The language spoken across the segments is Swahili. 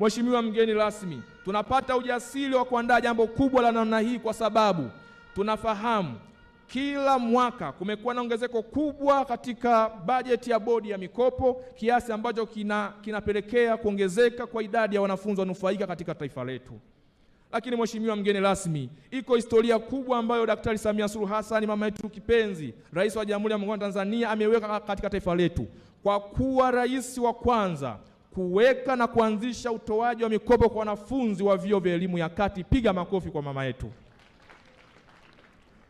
Mheshimiwa mgeni rasmi, tunapata ujasiri wa kuandaa jambo kubwa la namna hii kwa sababu tunafahamu kila mwaka kumekuwa na ongezeko kubwa katika bajeti ya bodi ya mikopo, kiasi ambacho kina, kinapelekea kuongezeka kwa idadi ya wanafunzi wanufaika katika taifa letu. Lakini Mheshimiwa mgeni rasmi, iko historia kubwa ambayo Daktari Samia Suluhu Hassan, mama yetu kipenzi, rais wa Jamhuri ya Muungano wa Tanzania, ameweka katika taifa letu kwa kuwa rais wa kwanza kuweka na kuanzisha utoaji wa mikopo kwa wanafunzi wa vyuo vya elimu ya kati. Piga makofi kwa mama yetu.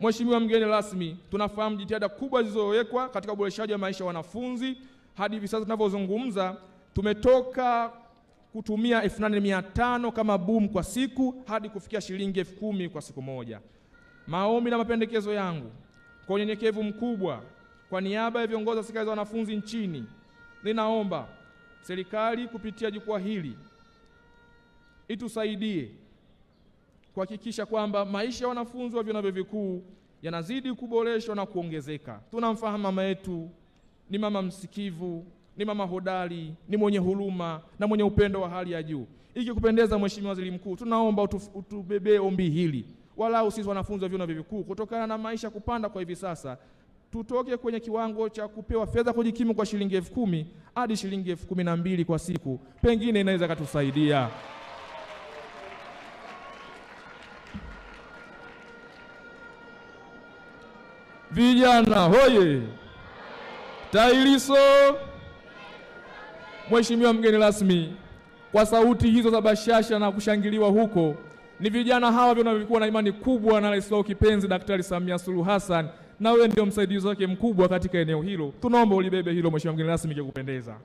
Mheshimiwa mgeni rasmi, tunafahamu jitihada kubwa zilizowekwa katika uboreshaji wa maisha ya wanafunzi. Hadi hivi sasa tunavyozungumza, tumetoka kutumia elfu kama boom kwa siku hadi kufikia shilingi elfu kumi kwa siku moja. Maombi na mapendekezo yangu kwa unyenyekevu mkubwa, kwa niaba ya viongozi wa serikali za wanafunzi nchini, ninaomba serikali kupitia jukwaa hili itusaidie kuhakikisha kwamba maisha ya wanafunzi wa vyuo vikuu yanazidi kuboreshwa na kuongezeka. Tunamfahamu mama yetu, ni mama msikivu, ni mama hodari, ni mwenye huruma na mwenye upendo wa hali ya juu. Ikikupendeza Mheshimiwa Waziri Mkuu, tunaomba utubebee ombi hili walau sisi wanafunzi wa vyuo vikuu, kutokana na maisha kupanda kwa hivi sasa, tutoke kwenye kiwango cha kupewa fedha kujikimu kwa shilingi elfu kumi hadi shilingi elfu kumi na mbili kwa siku, pengine inaweza katusaidia. Vijana hoye! TAHLISO! Mheshimiwa mgeni rasmi, kwa sauti hizo za bashasha na kushangiliwa huko ni vijana hawa vinavyokuwa na imani kubwa na rais wao kipenzi Daktari Samia Suluhu Hassan, na wewe ndio msaidizi wake mkubwa katika eneo hilo. Tunaomba ulibebe hilo, Mheshimiwa mgeni rasmi, ikikupendeza.